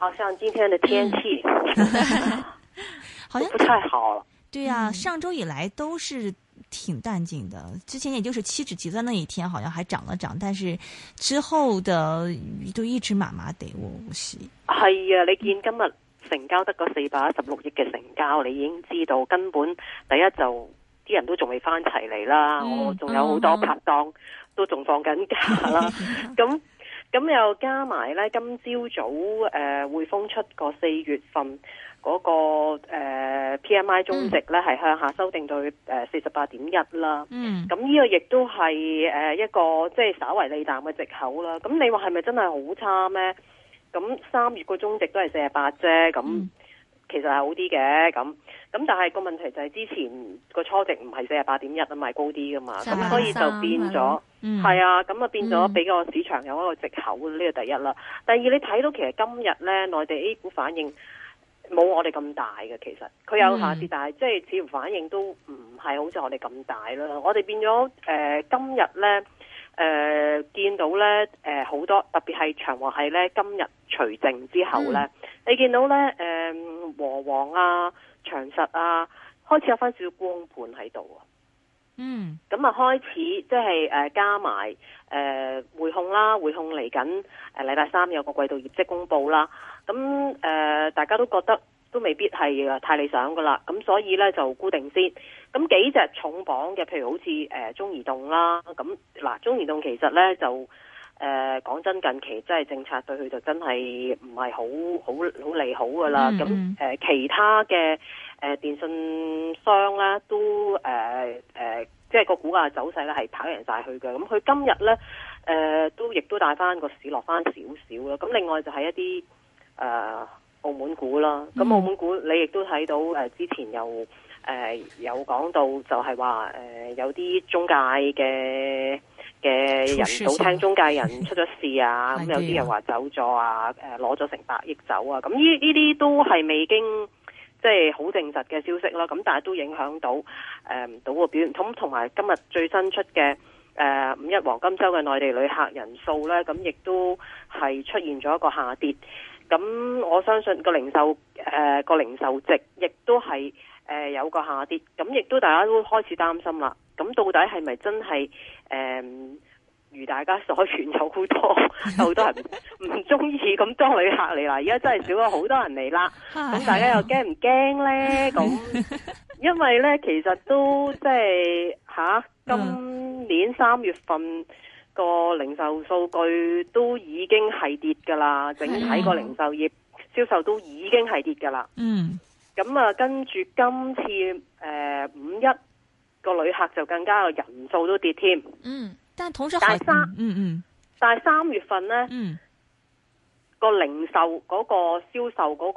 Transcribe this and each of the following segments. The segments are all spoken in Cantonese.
好像今天的天氣好像不太好了。 對呀、啊，上周以來都是挺淡靜的、嗯。之前也就是期指結算那一天，好像還漲了漲，但是之後的魚都一直麻麻地。我係。係呀、啊，你見今日成交得嗰四百一十六億嘅成交，你已經知道根本第一就啲人都仲未翻齊嚟啦。嗯、我仲有好多拍檔、嗯、都仲放緊假啦。咁、 嗯咁又加埋咧，今朝早誒匯豐出個四月份嗰、那個、呃、PMI 終值咧，係、嗯、向下修訂到誒四十八點一啦。嗯，咁呢個亦都係誒一個即係、就是、稍為利淡嘅藉口啦。咁你話係咪真係好差咩？咁三月個終值都係四十八啫。咁、嗯、其實係好啲嘅。咁咁但係個問題就係之前個初值唔係四十八點一啊，賣高啲噶嘛。咁所以就變咗。係、嗯、啊，咁啊變咗俾個市場有一個藉口呢、嗯，這個第一啦。第二，你睇到其實今日咧內地 A 股反應冇我哋咁大嘅，其實佢有下跌，但、嗯、係即係似乎反應都唔係好似我哋咁大啦。我哋變咗誒、呃呃呃，今日咧誒見到咧誒好多，特別係長和係咧今日除淨之後咧、嗯，你見到咧誒、呃、和黃啊、長實啊，開始有翻少少光盤喺度啊。嗯，咁啊開始即係誒加埋誒匯控啦，匯控嚟緊誒禮拜三有個季度業績公布啦，咁誒、呃、大家都覺得都未必係太理想噶啦，咁所以咧就固定先，咁幾隻重磅嘅，譬如好似誒、呃、中移動啦，咁嗱中移動其實咧就誒講、呃、真，近期即係政策對佢就真係唔係好好好利好噶啦，咁、嗯、誒、呃嗯、其他嘅。誒、呃、電信商啦、啊，都誒誒、呃呃，即係個股價的走勢咧係跑贏晒去嘅。咁佢今日咧誒都亦都帶翻個市落翻少少啦。咁另外就係一啲誒、呃、澳門股啦。咁、嗯、澳門股你亦都睇到誒之前又誒、呃、有講到就係話誒有啲中介嘅嘅人，早聽中介人出咗事啊，咁有啲人話走咗啊，誒攞咗成百億走啊。咁呢啲都係未經。即係好正實嘅消息囉。咁但係都影響到唔、嗯、到嘅表現。咁同埋今日最新出嘅誒、呃、五一黃金週嘅內地旅客人數咧，咁亦都係出現咗一個下跌。咁我相信個零售誒個、呃、零售值亦都係誒、呃、有個下跌。咁亦都大家都開始擔心啦。咁到底係咪真係誒？呃如大家所言有好多好多人唔中意，咁 多旅客嚟啦，而家真係少咗好多人嚟啦。咁 大家又驚唔驚呢？咁 因為呢，其實都即係吓、啊，今年三月份個 零售數據都已經係跌噶啦，整體個零售業銷售都已經係跌噶啦。嗯，咁啊，跟住今次誒五一個旅客就更加個人數都跌添。 嗯。但係三，嗯嗯，嗯，但係三月份咧，個、嗯、零售嗰個銷售嗰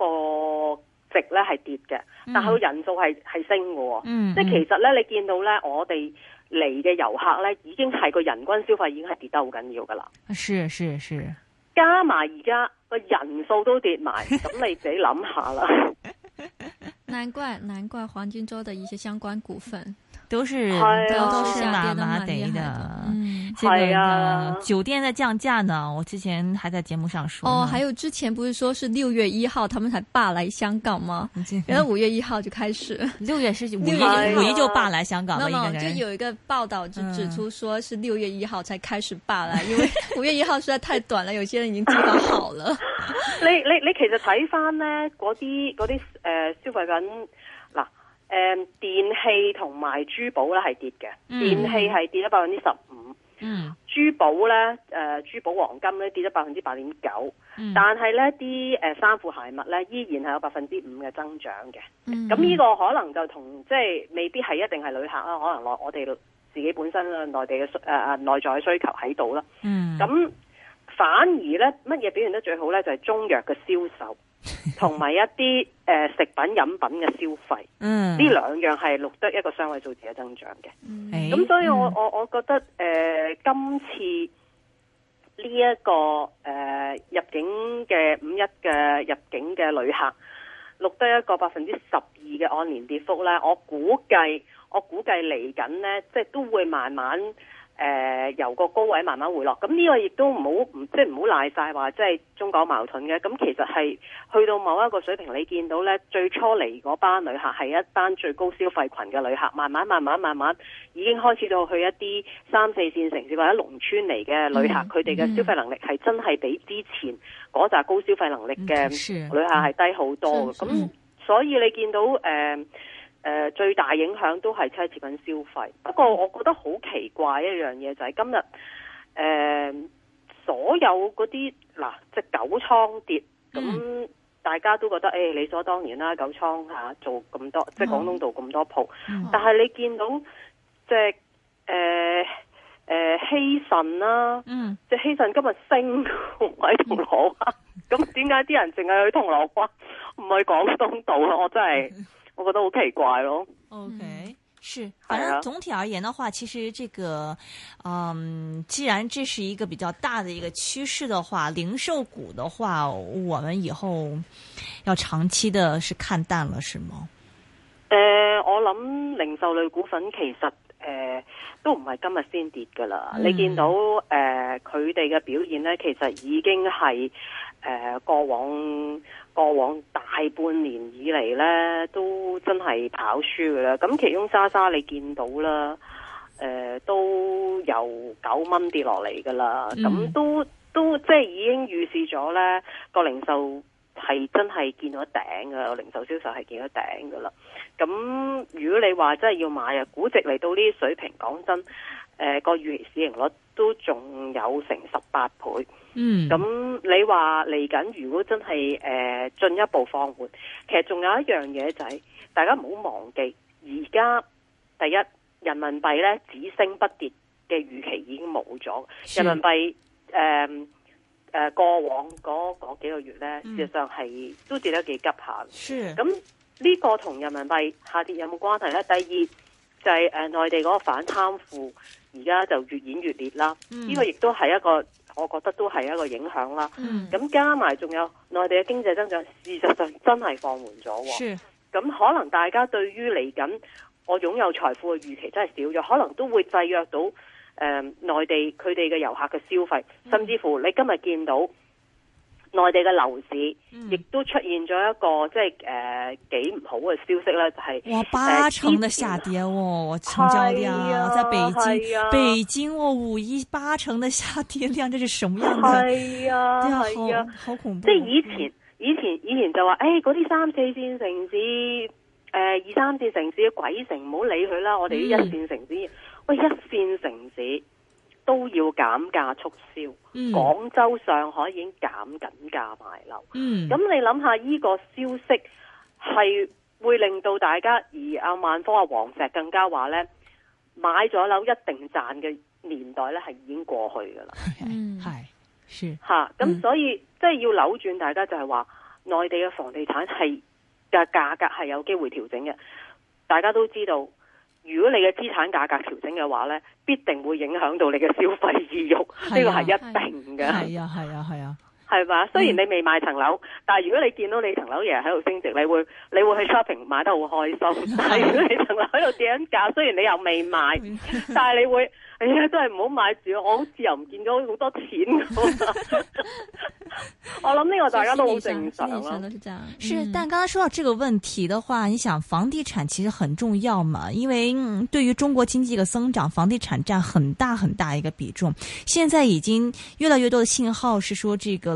個值咧係跌嘅、嗯，但係個人數係係升嘅，即、嗯、係其實咧，你見到咧，我哋嚟嘅遊客咧，已經係個人均消費已經係跌得好緊要噶啦。是是是，加埋而家個人數都跌埋，咁 你自己諗下啦。難怪難怪，黃金周嘅一些相關股份。都是，是、啊、都是麻麻哋嘅，這、嗯、個、啊、酒店在降價呢。我之前還在節目上說哦，還有之前不是說是六月一號他們才罷來香港嗎？原來五月一號就開始。六 月是五一五一就罷來香港了。就有一個報道指指出，說是六月一號才開始罷來、嗯，因為五月一號實在太短了， 有些人已經計劃好了。 你你你其實睇翻呢嗰啲嗰啲誒消費品。誒、嗯，電器同埋珠寶咧，係跌嘅、嗯，電器係跌咗百分之十五，珠寶咧誒珠寶黃金咧跌咗百分之八點九，但係咧啲誒衫褲鞋襪咧依然係有百分之五嘅增長嘅，咁、嗯、呢個可能就同即係未必係一定係旅客啦，可能內我哋自己本身啦內地嘅誒內在嘅需求喺度啦，咁、嗯、反而咧乜嘢表現得最好咧就係、是、中藥嘅銷售。同埋一啲、呃、食品飲品嘅消費，嗯，呢兩樣係錄得一個雙位數字嘅增長嘅。咁、okay. mm. 所以我我我覺得誒、呃、今次呢、這、一個誒、呃、入境嘅五一嘅入境嘅旅客錄得一個百分之十二嘅按年跌幅咧，我估計我估計嚟緊咧，即係都會慢慢。誒、呃、由個高位慢慢回落，咁呢個亦都唔好唔即係唔好賴曬話即係中港矛盾嘅。咁其實係去到某一個水平，你見到呢，最初嚟嗰班旅客係一班最高消費群嘅旅客，慢慢慢慢慢慢已經開始到去一啲三四線城市或者農村嚟嘅旅客，佢哋嘅消費能力係真係比之前嗰紮高消費能力嘅旅客係低好多。咁、嗯嗯、所以你見到誒。呃誒、呃、最大影響都係奢侈品消費。不過我覺得好奇怪一樣嘢就係、是、今日誒、呃、所有嗰啲嗱，即係九倉跌，咁大家都覺得誒理所當然啦。九倉、啊、做咁多，即係廣東道咁多鋪，但係你見到即係誒誒希慎啦，嗯，即係希慎今日升，買銅鑼灣，咁點解啲人淨係去銅鑼灣唔去廣東道啊？我真係～、嗯我覺得好奇怪咯、哦。OK，、嗯、是，反正總體而言的話，其實這個，嗯，既然這是一個比較大的一個趨勢的話，零售股的話，我們以後要長期的是看淡了，是嗎？誒、呃，我諗零售類股份其實誒、呃、都唔係今日先跌㗎喇、嗯。你見到誒佢哋嘅表現呢，其實已經係誒、呃、過往。過往大半年以嚟呢，都真係跑輸噶啦。咁其中渣渣，莎莎你見到啦，都由九蚊跌落嚟噶啦。咁、嗯、都都即係已經預示咗呢個零售係真係見到頂噶，零售銷售係見到頂噶啦。咁如果你話真係要買啊，估值嚟到呢啲水平，講真、呃，個個預期市盈率都仲有成十八倍。嗯，咁你話嚟緊如果真係誒進一步放緩，其實仲有一樣嘢就係大家唔好忘記，而家第一人民幣咧只升不跌嘅預期已經冇咗，人民幣誒誒過往嗰嗰幾個月咧，事實上係、嗯、都跌得幾急下。是咁呢個同人民幣下跌有冇關係咧？第二就係誒內地嗰個反貪腐而家就越演越烈啦，呢、嗯呢個亦都係一個。我覺得都係一個影響啦，咁、嗯、加埋仲有內地嘅經濟增長，事實上真係放緩咗。咁可能大家對於嚟緊我擁有財富嘅預期真係少咗，可能都會制約到、呃、內地佢哋嘅遊客嘅消費，甚至乎你今日見到內地嘅樓市、嗯、亦都出現咗一個即係誒幾唔好嘅消息啦，就係、哇、八成的下跌哦，成交量啊，在北京，啊、北京哦五一八成的下跌量，這是什麼樣子？係啊，係啊，啊，好啊好，好恐怖！即、就、係、是、以前，以前，以前就話誒嗰啲三四線城市，誒、呃、二三線城市嘅鬼城唔好理佢啦，我哋啲一線城市喂一線城市。都要減價促銷，廣州、上海已經減緊價賣樓。咁、嗯、你諗下，依、呢個消息係會令到大家，而阿萬科、阿黃石更加話呢，買咗樓一定賺嘅年代呢，係已經過去㗎喇。嗯，係，吓，咁、啊、所以、嗯、即係要扭轉，大家就係話內地嘅房地產係嘅價格係有機會調整嘅。大家都知道。如果你嘅資產價格調整嘅話呢，必定會影響到你嘅消費意欲，呢個係一定嘅。係啊，係啊，係啊。係嘛？雖然你未買層樓，但係如果你見到你層樓嘢喺度升值，你會你會去 shopping 買得好開心。但係如果你層樓喺度跌緊價，雖然你又未買，但係你會，哎呀，都係唔好買住。我好似又唔見咗好多錢 我諗呢個大家都好正常啦。是，但係剛剛講到這個問題的話，你想房地產其實很重要嘛？因為對於中國經濟嘅增長，房地產佔很大很大一個比重。現在已經越來越多嘅信號是說這個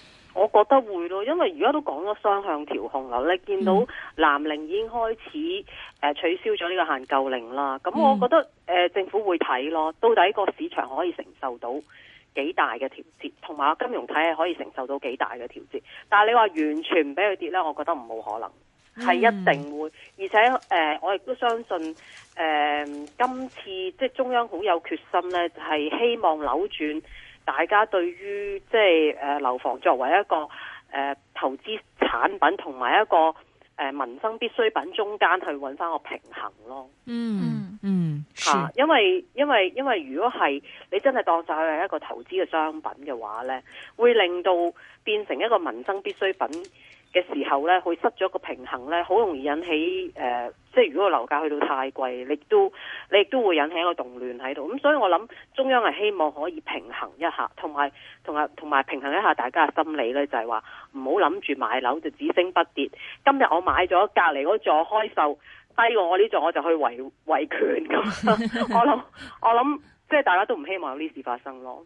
我覺得會咯，因為而家都講咗雙向調控啦。你見到南寧已經開始、呃、取消咗呢個限購令啦，咁我覺得、嗯呃、政府會睇咯，到底個市場可以承受到幾大嘅調節，同埋金融體系可以承受到幾大嘅調節。但係你話完全唔俾佢跌呢，我覺得唔冇可能，係一定會。嗯、而且、呃、我亦都相信誒、呃，今次即係中央好有決心呢，係、就是、希望扭轉。大家對於即係誒樓房作為一個誒、呃、投資產品同埋一個誒、呃、民生必需品中間去搵返個平衡咯。嗯嗯，係、啊，因為因為因為如果係你真係當晒佢係一個投資嘅商品嘅話咧，會令到變成一個民生必需品嘅時候呢，會失咗個平衡呢，好容易引起誒、呃，即係如果個樓價去到太貴，你都你亦都會引起一個動亂喺度。咁、嗯、所以我諗中央係希望可以平衡一下，同埋同埋同埋平衡一下大家嘅心理呢，就係話唔好諗住買樓就只升不跌。今日我買咗隔離嗰座開售，低過我呢座，我就去維，維權。咁 我諗我諗，即、就、係、是、大家都唔希望有呢事發生咯。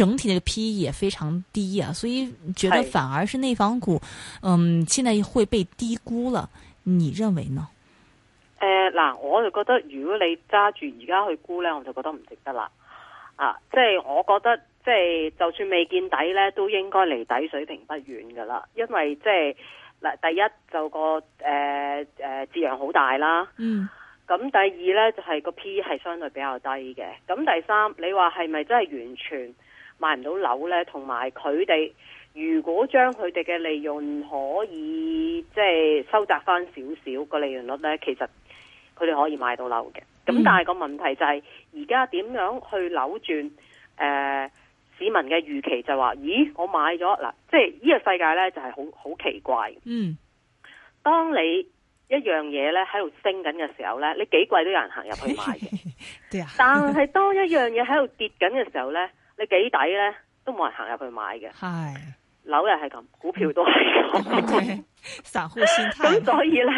整體呢個 P/E 也非常低啊，所以覺得反而是內房股，嗯，現在會被低估了，你認為呢？誒、呃、嗱，我就覺得如果你揸住而家去估呢，我就覺得唔值得啦。啊，即、就、係、是、我覺得，即、就、係、是、就算未見底呢，都應該離底水平不遠噶啦。因為即係嗱，第一就個誒誒，資金好大啦。嗯。咁第二呢，就係、是、個 PE 係相對比較低嘅。咁第三，你話係咪真係完全？買唔到樓呢，同埋佢哋如果將佢哋嘅利潤可以即係收窄翻少少個利潤率呢，其實佢哋可以買到樓嘅。咁但係個問題就係而家點樣去扭轉、呃、市民嘅預期就，就話咦我買咗嗱，即係呢個世界呢，就係好好奇怪。嗯，當你一樣嘢呢喺度升緊嘅時候呢，你幾貴都有人行入去買嘅。啊， 但係當一樣嘢喺度跌緊嘅時候呢。幾抵咧，都冇人行入去買嘅。係，樓又係咁，股票都係咁，散戶先咁 所以咧，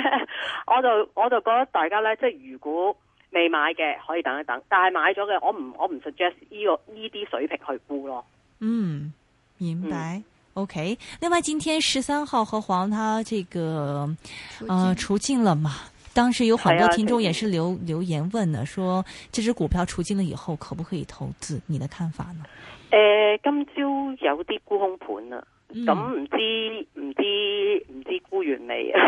我就我就覺得大家咧，即係如果未買嘅可以等一等，但係買咗嘅，我唔我唔 suggest 呢個呢啲水平去沽咯。嗯，明白。嗯、OK。另外，今天十三號和黃，他這個啊除淨、呃、了嘛當時有很多聽眾也是留留言問呢，說這支股票除淨了以後可不可以投資？你的看法呢？呃、今朝有啲沽空盤啊，咁、嗯、唔、嗯、知唔知唔知道沽完未啊？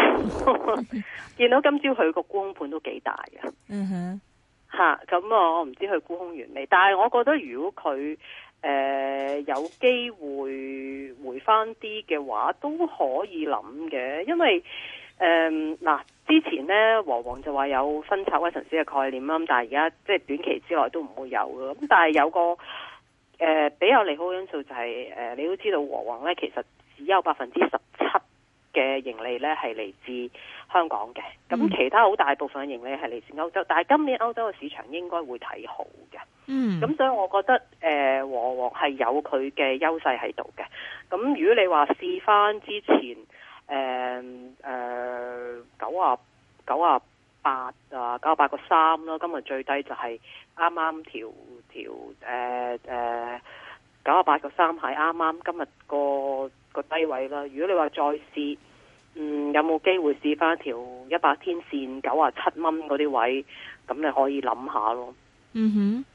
見到今朝佢個沽空盤都幾大嘅，嗯哼、吓、啊、咁、嗯、我唔知佢沽空完未，但係我覺得如果佢誒、呃、有機會回返啲嘅話，都可以諗嘅，因為誒嗱。呃之前呢，和黃就話有分拆屈臣氏嘅概念啦，但係而家即係短期之內都唔會有嘅。咁但係有個誒、呃、比較利好嘅因素就係、是、誒、呃、你都知道和黃呢，其實只有百分之十七嘅盈利呢係嚟自香港嘅，咁其他好大部分嘅盈利係嚟自歐洲。但係今年歐洲嘅市場應該會睇好嘅。嗯。咁所以我覺得誒和黃係有佢嘅優勢喺度嘅。咁如果你話試翻之前誒誒。呃呃九啊九啊八啊九啊八個三咯，今日最低就係啱啱條條誒誒九啊八個三係啱啱今日個個低位啦。如果你話再試，嗯有冇機會試翻條一百天線九啊七蚊嗰啲位，咁你可以諗下咯。嗯哼。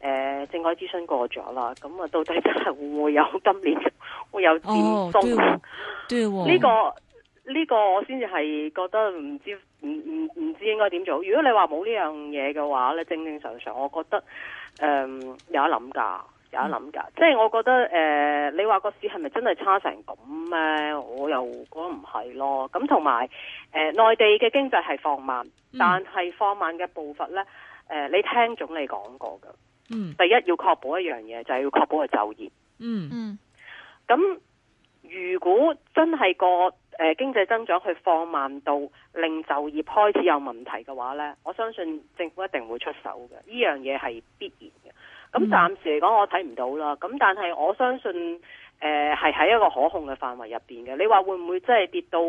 誒，政改諮詢過咗啦，咁啊，到底真係會唔會有今年會有佔中？呢、哦哦哦這個呢、這個我先至係覺得唔知唔唔唔知應該點做。如果你說沒有這的話冇呢樣嘢嘅話咧，正正常常，我覺得誒有得諗噶，有得諗噶、嗯。即係我覺得誒、呃，你話個市係咪真係差成咁呢？我又覺得唔係咯。咁同埋誒，內地嘅經濟係放慢，但係放慢嘅步伐咧，誒、呃，你聽總理講過噶。嗯、第一要確保一樣嘢，就係、是、要確保嘅就業。嗯嗯，咁如果真係個誒、呃、經濟增長去放慢到令就業開始有問題嘅話呢，我相信政府一定會出手嘅，呢樣嘢係必然嘅。咁暫時嚟講，我睇唔到啦。咁但係我相信誒係喺一個可控嘅範圍入邊嘅。你話會唔會真係跌到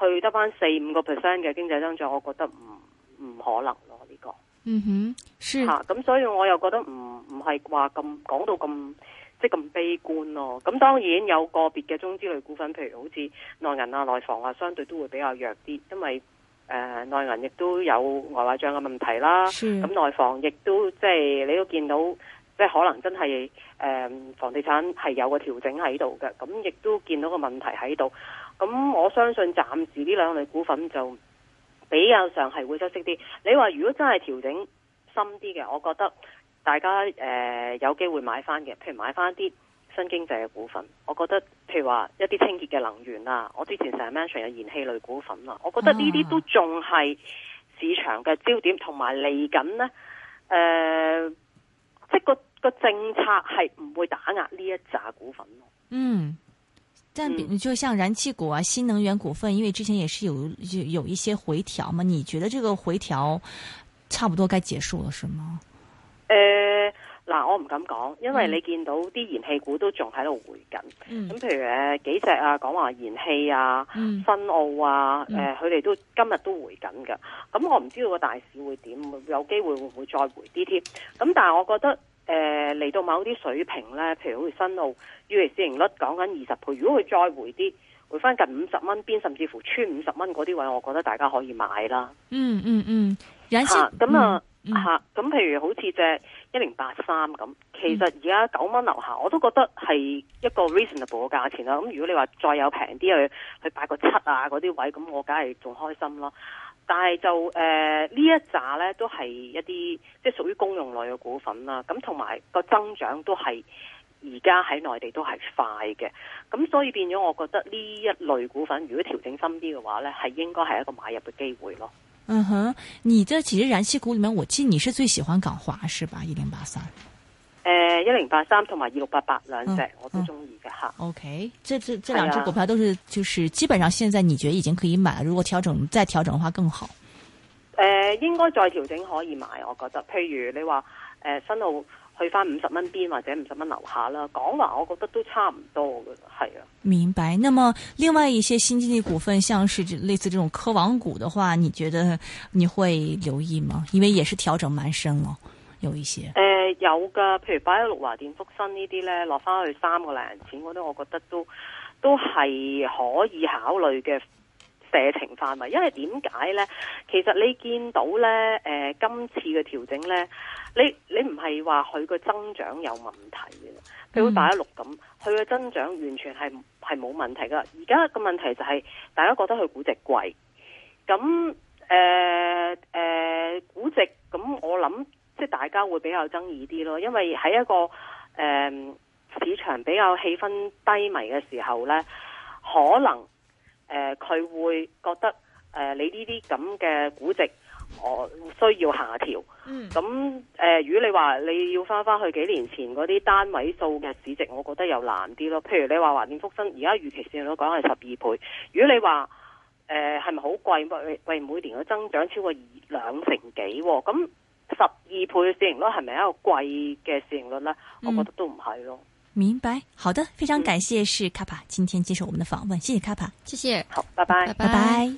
去得翻四五個 percent 嘅經濟增長？我覺得唔唔可能咯，呢、呢個。嗯哼，係，咁、啊、所以我又覺得唔唔係話咁講到咁即係咁悲觀咯。咁當然有個別嘅中資類股份，譬如好似內銀啊、內房啊，相對都會比較弱啲，因為誒內銀亦都有外匯賬嘅問題啦。咁內房亦都即係、就是、你都見到，即係可能真係誒、呃、房地產係有個調整喺度嘅。咁亦都見到個問題喺度。咁我相信暫時呢兩類股份就。比較上係會出色啲。你話如果真係調整深啲嘅，我覺得大家誒、呃、有機會買翻嘅。譬如買翻啲新經濟嘅股份，我覺得譬如話一啲清潔嘅能源啦，我之前成日 mention 有燃氣類股份啦，我覺得呢啲都仲係市場嘅焦點，同埋嚟緊呢，誒、呃，即係個個政策係唔會打壓呢一扎股份咯。嗯。但，就像燃氣股啊，新能源股份，因為之前也是有有有一些回調嘛，你覺得這個回調差不多該結束了，是嗎？誒、呃，嗱，我唔敢講，因為你見到啲燃氣股都仲喺度回緊，咁、嗯、譬如誒、啊、幾隻啊，港華燃氣啊，嗯、新奧啊，誒、呃，佢、嗯、哋都今日都回緊噶，咁我唔知道個大市會點，有機會會唔會再回啲添？咁但係我覺得。誒、呃，嚟到某啲水平呢，譬如佢新奧預期市盈率講緊二十倍，如果佢再回啲，回翻近五十蚊邊，甚至乎穿五十蚊嗰啲位，我覺得大家可以買啦。嗯嗯嗯，咁、嗯嗯、啊，咁、嗯、譬、啊嗯啊啊嗯嗯、如好似隻一零八三咁，其實而家九蚊樓下，我都覺得係一個 reasonable 嘅價錢啦。咁、嗯嗯、如果你話再有平啲去去八個七啊嗰啲位，咁我梗係仲開心囉。但係就誒、呃、呢都是一扎咧都係一啲即係屬於公用類嘅股份啦，咁同埋個增長都係而家喺內地都係快嘅，咁、嗯、所以變咗我覺得呢一類股份如果調整深啲嘅話咧，係應該係一個買入嘅機會咯。嗯哼，你即其實燃氣股裏面，我記得你是最喜歡港華，是吧？一零八三。誒、呃，一零八三同埋二六八八兩隻、嗯、我都中意嘅吓。OK，這這這兩隻股票都是,是、啊，就是基本上現在你覺得已經可以買，如果調整再調整嘅話更好。誒、呃，應該再調整可以買，我覺得。譬如你話誒新奧去返五十蚊邊或者五十蚊樓下啦，講話我覺得都差唔多嘅，係啊。明白。那麼另外一些新經濟股份，像是這類似這種科網股的話，你覺得你會留意嗎？因為也是調整蠻深咯。有意思啊，誒，有噶，譬如八一六華電、福新呢啲咧，落翻去三個零錢嗰啲，我覺得都都係可以考慮嘅射程範圍。因為點解咧？其實你見到咧，誒、呃、今次嘅調整咧，你你唔係話佢個增長有問題嘅，譬如八一六咁，佢嘅增長完全係係冇問題噶。而家個問題就係、是、大家覺得佢估值貴，咁誒誒估值咁，那我諗。即係大家會比較爭議啲咯，因為喺一個誒、呃、市場比較氣氛低迷嘅時候呢，可能佢、呃、會覺得誒、呃、你呢啲咁嘅估值，我、呃、需要下調。咁誒、呃，如果你話你要翻翻去幾年前嗰啲單位數嘅市值，我覺得又難啲咯。譬如你話華電復生，而家預期市都講係十二倍。如果你話係係咪好貴？貴、呃、每年嘅增長超過二兩成幾？咁。十二倍嘅市盈率係咪一個貴嘅市盈率咧？嗯，我覺得都唔係咯。明白，好的，非常感謝，是卡帕今天接受我們的訪問，謝謝卡帕，謝謝，好，拜拜，拜拜。拜拜。